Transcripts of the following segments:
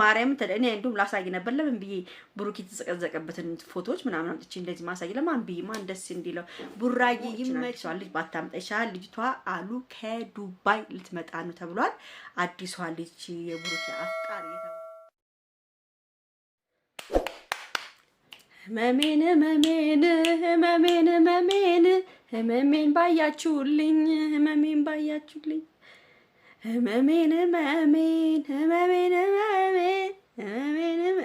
ማርያም ተለ እኔ እንደውም ላሳይ ነበር። ለምን ብዬ ብሩክ የተዘቀዘቀበትን ፎቶዎች ምናምን አምጥቼ እንደዚህ ማሳይ ለማን ብዬ ማን ደስ እንዲለው። ቡራዬ ይመችዋል። ልጅ ባታምጣ ልጅቷ አሉ ከዱባይ ልትመጣ ነው ተብሏል። አዲሷ ልጅ የብሩክ አፍቃሪ ህመሜን ህመሜን ህመሜን ህመሜን ህመሜን ባያችሁልኝ ህመሜን ባያችሁልኝ ህመሜን ህመሜን ህመሜን ህመሜን ህመሜን ህመሜን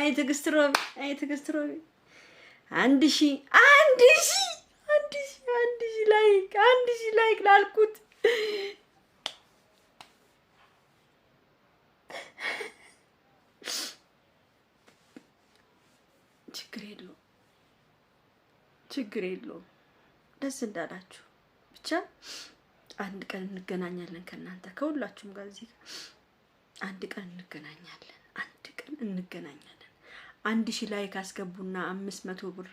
አይ ትዕግስት ሮቢ አይ ትዕግስት ሮቢ አንድ ሺ አንድ ሺ አንድ ሺ አንድ ሺ ላይክ አንድ ሺ ላይክ ላልኩት ችግር የለውም ችግር የለውም። ደስ እንዳላችሁ ብቻ አንድ ቀን እንገናኛለን ከእናንተ ከሁላችሁም ጋር እዚህ አንድ ቀን እንገናኛለን። አንድ ቀን እንገናኛለን። አንድ ሺህ ላይክ አስገቡና አምስት መቶ ብር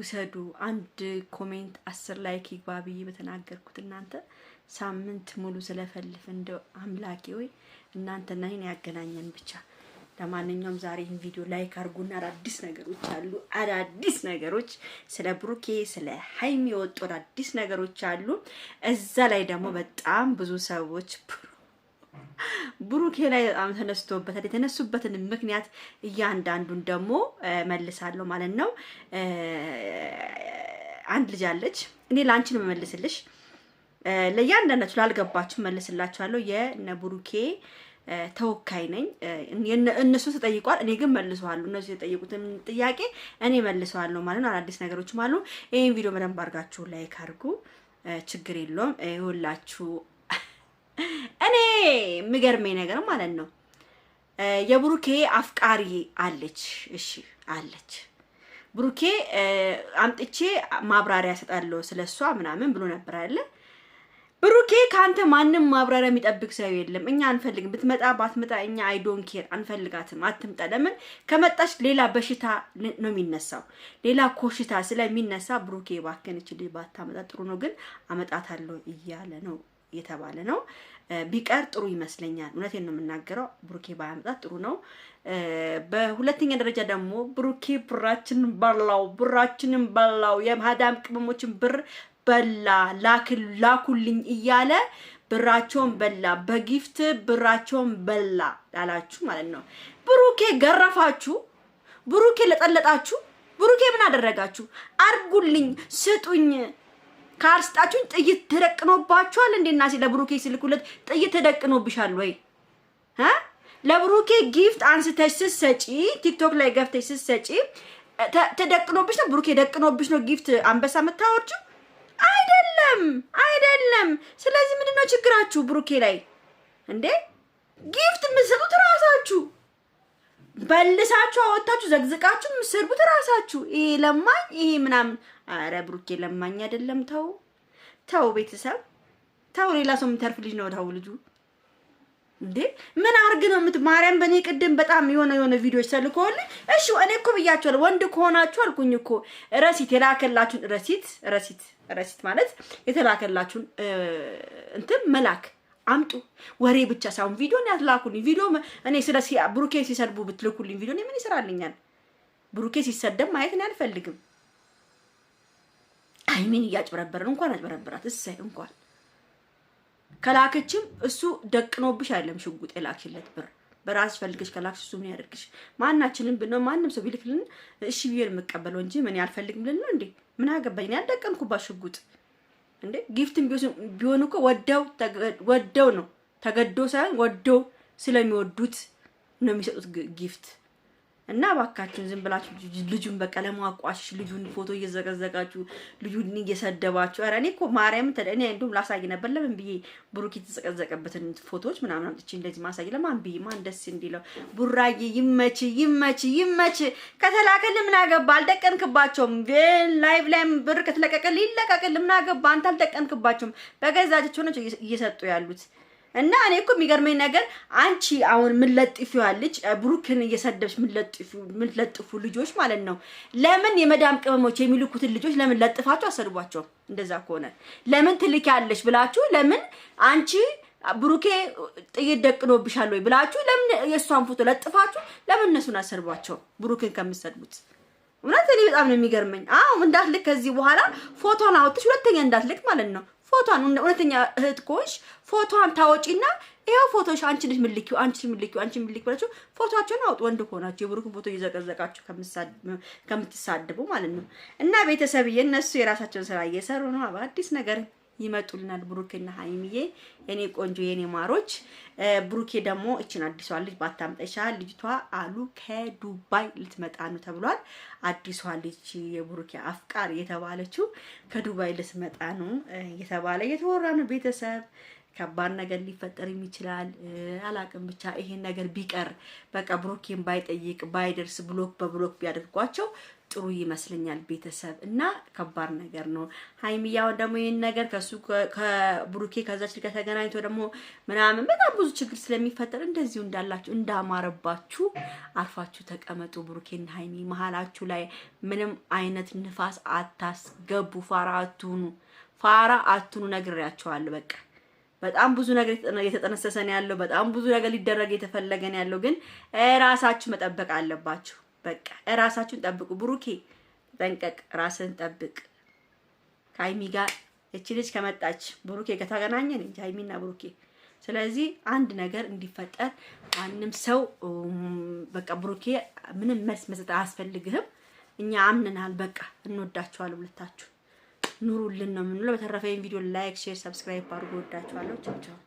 ውሰዱ። አንድ ኮሜንት አስር ላይክ ይግባ ብዬ በተናገርኩት እናንተ ሳምንት ሙሉ ስለፈልፍ እንደ አምላኬ ወይ እናንተና ይህን ያገናኘን ብቻ ለማንኛውም ዛሬ ይህን ቪዲዮ ላይክ አድርጉና አዳዲስ ነገሮች አሉ። አዳዲስ ነገሮች ስለ ብሩኬ ስለ ሀይሚ የወጡ አዳዲስ ነገሮች አሉ። እዛ ላይ ደግሞ በጣም ብዙ ሰዎች ብሩኬ ላይ በጣም ተነስቶበታል። የተነሱበትን ምክንያት እያንዳንዱን ደግሞ መልሳለሁ ማለት ነው። አንድ ልጅ አለች። እኔ ለአንቺን መመልስልሽ ለእያንዳንዳችሁ ላልገባችሁ መልስላችኋለሁ የነ ብሩኬ ተወካይ ነኝ። እነሱ ተጠይቋል፣ እኔ ግን መልሰዋሉ። እነሱ የጠየቁትን ጥያቄ እኔ መልሰዋለሁ ማለት ነው። አዳዲስ ነገሮችም አሉ። ይህን ቪዲዮ በደንብ አድርጋችሁ ላይክ አድርጉ። ችግር የለውም ይሁላችሁ። እኔ የሚገርመኝ ነገር ማለት ነው የብሩኬ አፍቃሪ አለች። እሺ አለች ብሩኬ አምጥቼ ማብራሪያ ሰጣለሁ ስለሷ ምናምን ብሎ ነበር አይደለ? ብሩኬ ከአንተ ማንም ማብራሪያ የሚጠብቅ ሰው የለም። እኛ አንፈልግም፣ ብትመጣ ባትመጣ እኛ አይዶን ኬር አንፈልጋትም። አትምጣ። ለምን ከመጣች ሌላ በሽታ ነው የሚነሳው፣ ሌላ ኮሽታ ስለሚነሳ ብሩኬ ባከነች ልጅ ባታመጣ ጥሩ ነው። ግን አመጣታለሁ እያለ ነው የተባለ ነው። ቢቀር ጥሩ ይመስለኛል። እውነቴን ነው የምናገረው። ብሩኬ ባያመጣት ጥሩ ነው። በሁለተኛ ደረጃ ደግሞ ብሩኬ ብራችንን በላው፣ ብራችንን በላው። የማዳም ቅመሞችን ብር በላ ላኩልኝ እያለ ብራቸውን በላ። በጊፍት ብራቸውን በላ ላላችሁ ማለት ነው። ብሩኬ ገረፋችሁ፣ ብሩኬ ለጠለጣችሁ፣ ብሩኬ ምን አደረጋችሁ? አርጉልኝ፣ ስጡኝ ካልስጣችሁኝ ጥይት ተደቅኖባችኋል። እንዴና ሲ ለብሩኬ ስልኩለት ጥይት ተደቅኖብሻል ወይ? ለብሩኬ ጊፍት አንስተሽ ስትሰጪ ቲክቶክ ላይ ገፍተሽ ስትሰጪ ተደቅኖብሽ ነው። ብሩኬ ደቅኖብሽ ነው ጊፍት አንበሳ የምታወርጂው አይደለም አይደለም። ስለዚህ ምንድነው ችግራችሁ ብሩኬ ላይ እንዴ? ጊፍት የምትሰጡት ራሳችሁ በልሳችሁ አወጣችሁ ዘግዝቃችሁ የምትሰድቡት ራሳችሁ። ይሄ ለማኝ ይሄ ምናምን። አረ ብሩኬ ለማኝ አይደለም። ተው ተው፣ ቤተሰብ ተው። ሌላ ሰው የሚተርፍ ልጅ ነው። ተው ልጁ እንዴ ምን አርግ ነው የምት ማርያም በእኔ ቅድም በጣም የሆነ የሆነ ቪዲዮች ተልኮልኝ። እሺ እኔ እኮ ብያቸዋለሁ፣ ወንድ ከሆናችሁ አልኩኝ እኮ ረሲት የላከላችሁን ረሲት ረሲት ረሲት ማለት የተላከላችሁን እንትን መላክ አምጡ። ወሬ ብቻ ሳይሆን ቪዲዮን ያትላኩልኝ። ቪዲዮ እኔ ስለ ብሩኬ ሲሰድቡ ብትልኩልኝ ቪዲዮ ምን ይሰራልኛል? ብሩኬ ሲሰደብ ማየት እኔ አልፈልግም። አይሚን እያጭበረበረን እንኳን አጭበረበራት እሰይ እንኳን ከላከችም እሱ ደቅኖብሽ አይደለም ሽጉጥ የላክሽለት ብር በራስሽ ፈልገሽ ከላክሽ እሱ ምን ያደርግሽ? ማናችንም ብነው ማንም ሰው ቢልክልን እሺ ብዬ የምቀበለው እንጂ ምን ያልፈልግ ልል ነው እንዴ? ምን አገባኝ? ያልደቀምኩባት ሽጉጥ እንዴ ጊፍትም ቢሆን እኮ ወደው ወደው ነው ተገዶ ሳይሆን ወደው ስለሚወዱት ነው የሚሰጡት ጊፍት። እና እባካችሁን ዝም ብላችሁ ልጁን በቀለሙ አቋሽ ልጁን ፎቶ እየዘቀዘቃችሁ ልጁን እየሰደባችሁ፣ ኧረ እኔ እኮ ማርያም ተ እኔ እንዲሁም ላሳይ ነበር። ለምን ብዬ ብሩክ የተዘቀዘቀበትን ፎቶዎች ምናምን አምጥቼ እንደዚህ ማሳይ ለማን ብዬ ማን ደስ እንዲለው። ቡራዬ ይመች ይመች ይመች። ከተላከልህ ምን አገባ? አልደቀንክባቸውም። ላይቭ ላይም ብር ከተለቀቀልህ ሊለቀቅል ምን አገባ አንተ። አልደቀንክባቸውም። በገዛቸው ሆነች እየሰጡ ያሉት እና እኔ እኮ የሚገርመኝ ነገር አንቺ አሁን የምንለጥፊው ልጅ ብሩክን እየሰደብሽ የምንለጥፉ ልጆች ማለት ነው። ለምን የመዳም ቅመሞች የሚልኩትን ልጆች ለምን ለጥፋችሁ አሰድቧቸው? እንደዛ ከሆነ ለምን ትልኪያለሽ ብላችሁ ለምን አንቺ ብሩኬ ጥይት ደቅኖብሻል ወይ ብላችሁ ለምን የእሷን ፎቶ ለጥፋችሁ ለምን እነሱን አሰድቧቸው? ብሩክን ከምሰድቡት እውነት እኔ በጣም ነው የሚገርመኝ። አዎ እንዳትልክ ከዚህ በኋላ ፎቶን አውጥሽ ሁለተኛ እንዳትልክ ማለት ነው። ፎቶን እውነተኛ እህት ከሆንሽ ፎቶን ታወጪና ይኸው ፎቶሽ አንቺ ልጅ ምልኪ አንቺ ልጅ ምልኪ አንቺ ምልኪ ብላችሁ ፎቶአቸውን አውጡ። ወንድ ከሆናችሁ የብሩክን ፎቶ እየዘቀዘቃችሁ ከምትሳደቡ ማለት ነው። እና ቤተሰብዬ እነሱ የራሳቸውን ስራ እየሰሩ ነው። አዲስ ነገር ይመጡልናል ብሩክና ሀይሚዬ የኔ ቆንጆ የኔ ማሮች። ብሩኬ ደግሞ እችን አዲሷ ልጅ ባታምጠሻ ልጅቷ አሉ ከዱባይ ልትመጣ ነው ተብሏል። አዲሷ ልጅ የብሩኬ አፍቃሪ የተባለችው ከዱባይ ልትመጣ ነው የተባለ የተወራ ነው ቤተሰብ ከባድ ነገር ሊፈጠርም ይችላል። አላቅም ብቻ ይሄን ነገር ቢቀር በቃ ብሩኬን ባይጠይቅ ባይደርስ ብሎክ በብሎክ ቢያደርጓቸው ጥሩ ይመስለኛል። ቤተሰብ እና ከባድ ነገር ነው። ሀይሚያውን ደግሞ ይህን ነገር ከሱ ከብሩኬ ከዛች ጋር ተገናኝቶ ደግሞ ምናምን በጣም ብዙ ችግር ስለሚፈጠር እንደዚሁ እንዳላችሁ እንዳማረባችሁ አርፋችሁ ተቀመጡ። ብሩኬና ሀይሚ መሀላችሁ ላይ ምንም አይነት ንፋስ አታስገቡ። ፋራ አትሁኑ፣ ፋራ አትሁኑ። ነግሬያቸዋለሁ። በቃ በጣም ብዙ ነገር የተጠነሰሰን ያለው። በጣም ብዙ ነገር ሊደረግ የተፈለገን ያለው። ግን ራሳችሁ መጠበቅ አለባችሁ። በቃ ራሳችሁን ጠብቁ። ብሩኬ ጠንቀቅ፣ ራስን ጠብቅ። ከሀይሚ ጋር እቺ ልጅ ከመጣች ብሩኬ ከተገናኘን እንጂ ሀይሚና ብሩኬ ስለዚህ አንድ ነገር እንዲፈጠር ማንም ሰው በቃ ብሩኬ ምንም መልስ መስጠት አያስፈልግህም። እኛ አምንናል። በቃ እንወዳችኋል። ሁለታችሁ ኑሩልን ነው የምንለው። በተረፈ ቪዲዮ ላይክ፣ ሼር፣ ሰብስክራይብ አድርጎ ወዳችኋለሁ። ቻው ቻው።